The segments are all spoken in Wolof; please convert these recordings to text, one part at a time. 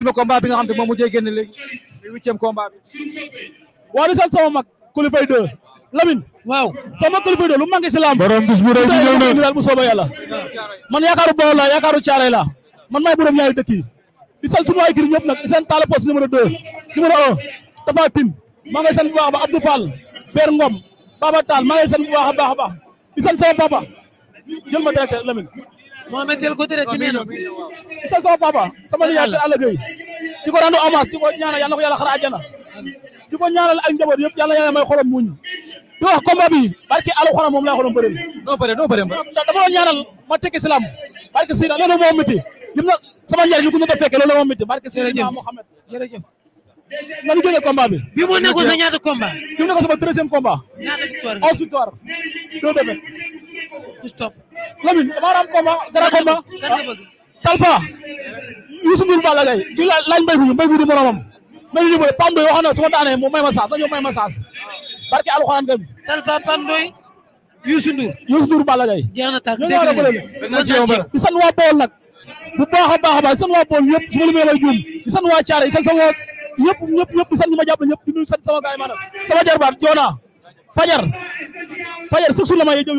le combat bi nga xam ne moom mujjee génn léegi 8e combat bi waa di sama mak Koulibaly 2 Lamine waaw sama Koulibaly 2 lu mangi ci lamb borom bis bu rëy bi ñëw na daal bu soba yalla man yaakaaru bo la yaakaaru ciaré la man may borom ñaari dëkk yi di sal suma ay gir ñëp nak sen talé Poste numéro 2 numéro 1 Tapha tim maa ngay sant bu baax ba Abdou Fall Père Ngom Baba tal maa ngay bu baax baax baax di sal sama papa jël ma directeur Lamine Mohamed Tel Couture ci nee na. isa sama papa sama nijaay Alla Gueye di ko rendu hommage di ñaanal yàlla na ko yàlla xara àjjana di ko ñaanal ak njaboot yëpp yàlla yàlla muñ di wax combat barke alxuraan moom laa ko doon bëreel doo bëree doo dama doon ñaanal ma islam barke Sina loolu moo métti lim na sama njëriñ ñu ko doon fekkee loolu moo métti barke Sina ñaata combat bi mu nekkoon sama deuxième combat ñaata victoire onze stop Lamine damaa raam combat dara combat Talfa Youssou Ndour Balla Gaye di laaj mbay bu mbay bu du moromam mbay bu bëre Pam Doy wax na su ma daanee mu may ma saas dañoo may ma saas barke alxuraan dem Talfa Pam Doy Youssou Ndour Youssou Ndour Balla Gaye jeex na tàkk dégg nañu di sant waa Bawol nag bu baax a baax a baax di sant waa Bawol yëpp su ma limee may juum di sant waa Caare di sant sama yëpp ñëpp ñëpp di sant ñi ma jàpp ñëpp di nuyu sant sama gaay maanaam sama jarbaat Joona fajar fajar sax sulama la may jëw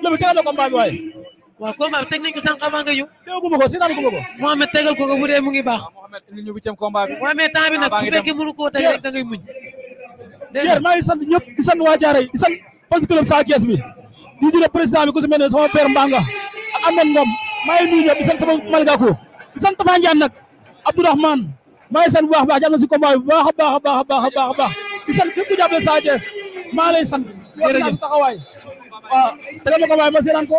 le bi kala ko mba bi waaye waaw combat bi teg nañ ko sanka ma nga ñëw tegaguma ko seetaan ko ko Mohamed tegal ko ko bude mu ngi bax mohammed indi ñu bi ci combat bi waaw mais temps bi nak bu fekkee mu ko tay rek da ngay muñ Pierre ma ngi sant ñep di sant waa Diaré di sant parce que le Sa kies bi di jël president bi ko su melne sama père Mbanga ak Amad Ngom ma ngi ñu di sant sama malga ko di sant fa Ndiane nak abdourahman ma ngi sant bu baax baax jàll na si combat bi baax a baax baax baax baax di sant ci bu jabe Sa kies maa lay sant. jërëjëf taxawaay. waaw tegal ma ko waaye ma seetaan ko.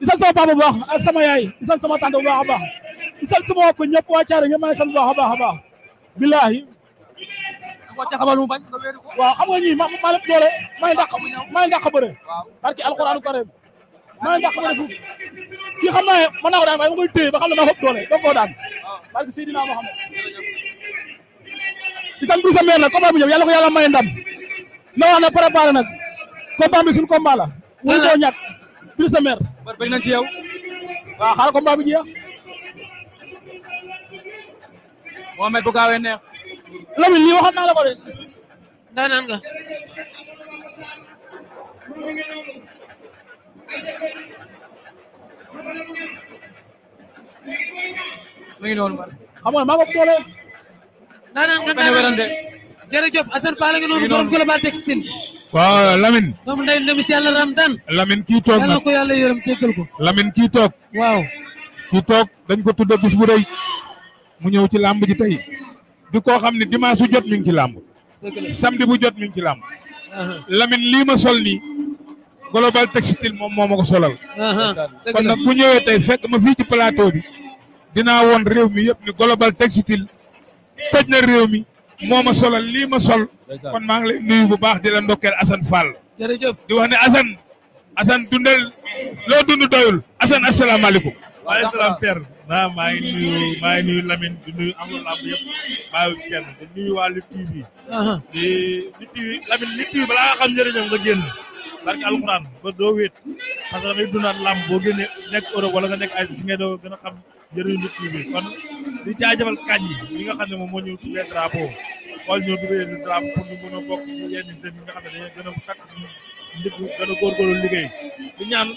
di sant sama papa bu baax sama yaay di sant sama tante bu baax a baax di sant sama mbokku ñëpp waa Thiaré ñëpp maa ngi sant bu baax a baax a baax. billahi. waaw xam nga ñii ma ma leen doole maa ngi dàq maa ngi dàq bëre. barki alxuraanu karim maa ngi dàq bëre foofu xam naa ne mën naa ko daan waaye ma koy téye ba xam ne maa ko doole doo ko daan barki Seydina di sant Brise de Mer nag combat bi ñëw yàlla ko yàlla may ndam na wax na préparé nag combat bi suñu combat la. wala wala ñàkk Brise de Mer. war bëgg nañ ci yow. waaw xaaral combat bi jeex. Mohamed bu gaawee neex. Lamine lii waxoon naa la ko de. daanaan noonu man. nga maa naanaan nga naanaan jërëjëf Assane asal nga noonu borom global textile waaw Lamine doomu ndey ndemi si yàlla Ramdan Lamine kii toog yàlla ko yàlla yërëm di koo xam ne dimanche bu global textile solal kon nag bu ñëwee tey fekk ma fii ci plateau bi mi ni global textile toj réew mi moo ma solal lii ma sol kon maa ngi lay nuyu bu baax di la ndokkeel Assane Fall jërëjëf di wax ne Assane Assane dundal dund doyul Assane asalaamaaleykum waaleykum salaam père waaw maa ngi nuyu maa ngi nuyu Lamine di nuyu amul lamb yëpp TV di Lutte TV Lamine Lutte TV xam njëriñam barke alxuraan ba doo wéet parce que dafay dundaat làmb boo génnee nekk Europe wala nga nekk ay si nga doon gën a xam njëriñu nit ñi kon di jaajëfal kañ yi nga xam ne moom moo ñu tuddee drapeau xool ñoo duggee du drapeau pour ñu mën a bokk si yenn seen yi nga xam ne dañuy a takk suñu ndig gën a góorgóorlu liggéey di ñaan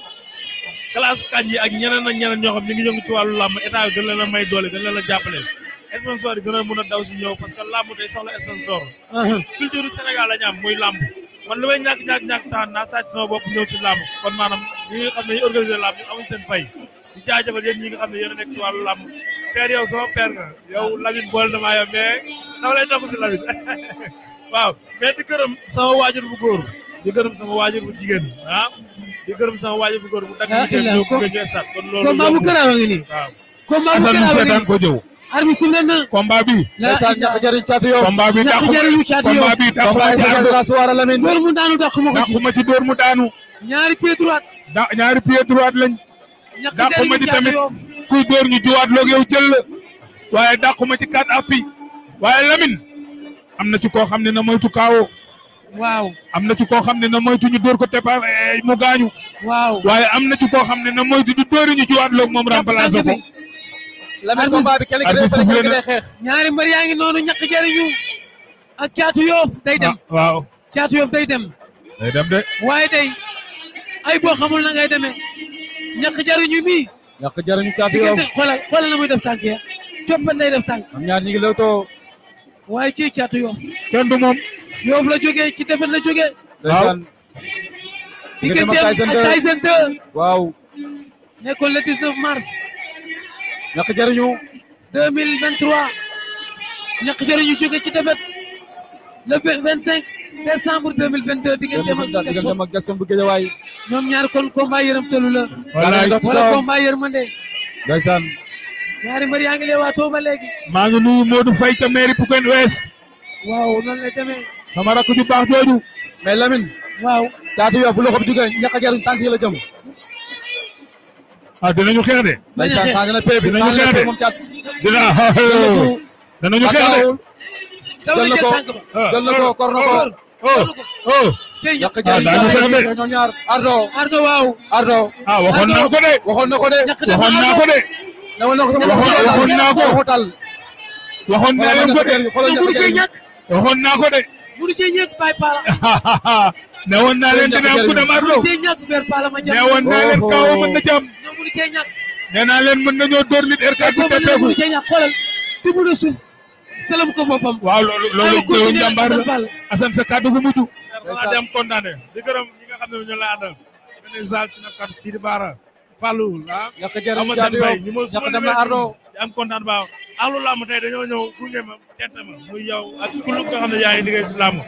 classe kañ yi ñeneen ñeneen ñoo xam ngi yëngu ci wàllu làmb état bi gën leen a may doole gën leen a jàppale sponsor yi a daw si ñëw parce que làmb day soxla sponsor uh-huh. culture Sénégal la ñu am muy làmb man li may ñàkk ñàkk ñàkk taxan naa si làmb kon maanaam ñi nga xam ne ñu organisé làmb ñu amuñ seen fay di jaajëfal yéen ñi nga xam ne yéen nekk ci wàllu làmb père yow sama père nga yow Lamine boole na maa yow mais dama lay topp si Lamine waaw di gërëm sama waajur bu góor di gërëm sama waajur bu jigéen ah di gërëm sama waajur bu góor bu dakk ah, jigéen ñoo ko ñëw sat kon loolu combat bu garaaw a ngi nii waaw bu garaaw a ngi nii ko jëw arbi si leen na combat bi ndeysaan ñàkk jëriñ caatu yow combat bi dàqu combat bi dàqu la ci ànd door ko ci dàqu ma ci ñaari pied droite. da ñaari pied droite lañ. dàquma ci tamit kuy dóor ñu jiwaat loog yow jël waaye dàquma ci quatre waaye Lamine am na ci koo xam ne na moytu kaawoo. waaw am na koo xam ne na moytu ñu dóor ko tepa eh, mu gaañu. waaw waaye am na ci koo xam ne na moytu ñu dóori ñu jiwaat loog moom remplacé ko. Lamine combat bi kenn ki ñaari mbër yaa ngi noonu ñàkk jëriñu ak caatu yoof day dem ah, waaw caatu yoof day dem. waaye day. ay boo xamul na ngay deme ñàkk jariñu mii. ñàkk jariñu caatu yow xoolal xoolal na muy def tànk ya coppat lay def tànk. am ñaar ñi ngi lewtoo. waaye ci caatu yow. kenn du moom. yow la jógee ci defet la jógee. waaw. diggante ak Tyson 2 waaw. nekkoon le 19 mars. ñàkk jariñu. 2023. ñàkk jariñu jógee ci defet le 25 décembre 2022 diggante ak Jackson diggante ak Jackson bu Guédiawaye ñom ñaar kon combat yeeram yërëmtalu la. wala combat yërmande. ndeysaan. ñaari mbër yaa ngi lee waatoo ba léegi. maa ngi nuyu Modou fay ca mairie pou ken west waaw noonu la demee. sama rakku ju bax joju mais Lamine. waaw taatu yow bu loxo bi jugee ñàkk a jaruñ tànk yi la jëm. ah dinañu xeex de. ndeysaan sa nga ne pay dinañu xeex de dina ha ha dinañu xeex de. dal na ko dal na ko korno ko. oh oh. Ah, Ardo. Ardo waaw. Ardo. ah waxoon naa ko de. waxoon na ko de. waxoon na ko de. waxoon naa ko. waxoon naa leen ko de. waxoon ko de. munu cee ñàkk bay paala. ne woon naa leen dina am ku dem Ardo. ne woon naa leen kaw mën na jam. nee naa leen mën nañoo dóor nit RK bi teppeeku. xoolal di mun a suuf. sëlëm ko waaw loolu loolu loolu jàmbaar la Assane sa kàddu gu mujj. waaw dem kontaane di gërëm ñi nga xam ne ñoo lay àndal. ñu ne Zal si na kat Sidi Bara. Fallou ah. ma jërëjëf Jaadu yow yàq dem na Ardo am kontaan baax ahlu làmb tey dañoo ñëw gunge ma mu ma ak kullu nga xam ne yaa ngi liggéey si làmb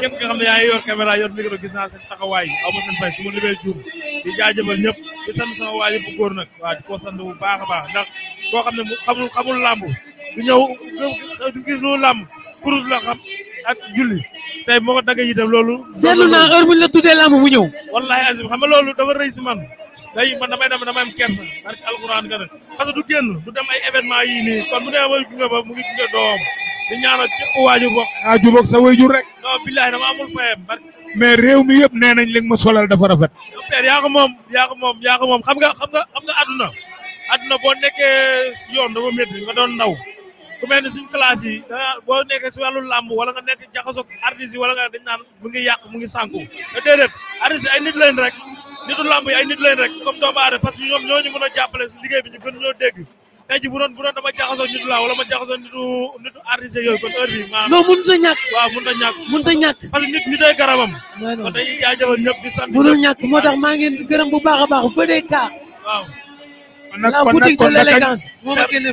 képp nga xam ne yaa ngi yor caméra yor micro gis naa seen taxawaay aw ma seen fay su ma libee juum di jaajëfal ñëpp di sant sama waa ji bu góor nag waaw di ko sant bu baax a baax ndax koo xam ne xamul xamul làmb du ñëw du gis lu làmb kurus la xam ak julli tey moo ko dagg itam loolu. seetlu naa heure bu ñu la tuddee làmb mu ñëw. wallahi azim xam nga loolu dafa rëy si man day man damay dem damay am kersa parce que alxuraan ka parce du génn du dem ay événement yii nii kon bu a ba gunge ba mu ngi gunge doom di ñaanal képp waaju bokk. ah ju bokk sa wayjur rek. non billahi dama amul fayam. mais réew mi yëpp nee nañ li ma solal dafa rafet. yow père yaa ko moom yaa moom yaa moom xam nga xam nga xam nga àdduna àdduna boo nekkee si yoon dafa métti nga doon ndaw ku mel ni suñ classe yi dana boo nekkee si wàllu làmb wala nga nekk jaxasoog artiste yi wala nga dañ naan mu ngi yàq mu ngi sànku te artiste ay nit leen rek nitu làmb yi ay nit leen rek comme doomu aadama parce que ñoom ñoo ñu mën a jàppale si liggéey bi ñu gën ñoo dégg tey ji bu doon bu doon dama jaxasoo nitu laa wala ma jaxasoo nitu nitu artiste yooyu kon heure bi maanaam non mënut a ñàkk waaw mënut a ñàkk mënut a ñàkk parce que nit ñi day garabam kon dañuy jaajëfal di sant mënul ñàkk moo tax maa ngi gërëm bu baax baax bu dee kaa waaw la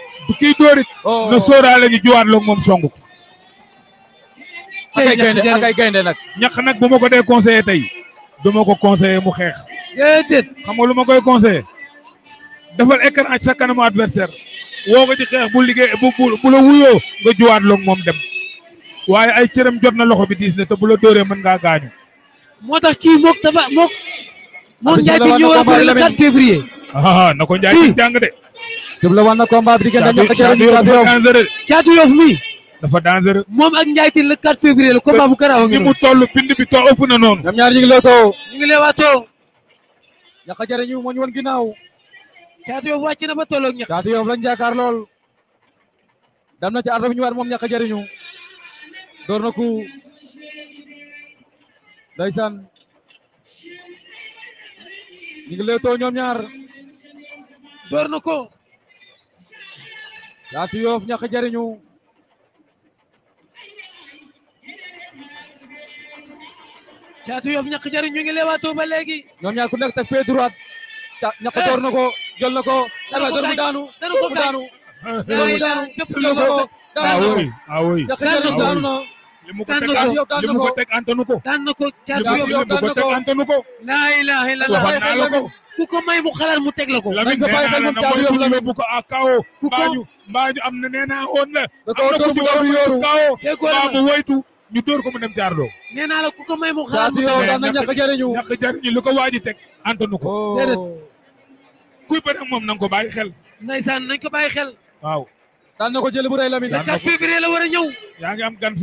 bu kii dóorit oh. na sóoraale ñu jiwaat loog moom song ko akay gaynde gaynde nag ñax nag bu ma ko dee conseillé tey du ko conseillé mu xeex déedéet lu ma koy conseillé dafal écran sa kanamu woo ko ci liggéey bu bu moom dem waaye ay jot na loxo bi diis ne te tax ko njaay di de jublu woon na combat bi diggante ñax Caatu Caatu Yoff moom ak Ndiaye Tine le 4 février le combat bu garaaw ngi mu toll bind bi to ëpp na noonu ñoom ñaar ñu ngi leetoo ñu ngi leewaatoo ñax jariñu moo ñu woon ginnaaw Caatu Yoff wàcc na ba tolloog ñax Caatu Yoff lañ jaakaar lool dam na ci ardo bi ñu waat moom ñax jariñu door na ku ndeysaan ñu ngi leetoo ñoom ñaar door na ko Caatu Yoff ñax jariñu Caatu Yoff ñax jariñu ñu ngi leewaatoo ba léegi ñoom ñaar ku nekk teg pied droit ñax eh! door na ko jël na ko dana ko daanu dana ko daanu na li mu ko teg ko teg antanu ko daan ko Caatu Yoff daan na ko antanu ko la ko ku ko may mu xalaat mu teg la ko lamin ko bàyyi xel moom Caatu Yoff la yóbbu ko a ku ko mbaa ñu am na nee naa woon la. da koo doon ci wàllu yóoru am na woytu ñu dóor ko mu dem jaarloo. nee naa la ku ko may mu xaar mu dem mais ñàkk jariñu ñàkk jariñu lu ko waaj a teg antanu ko. Oh. déedéet kuy bëri moom na ko bàyyi xel. ndeysaan nañ ko bàyyi xel. waaw. da na ko jël bu rëy la mi. daan na ko war a ñëw.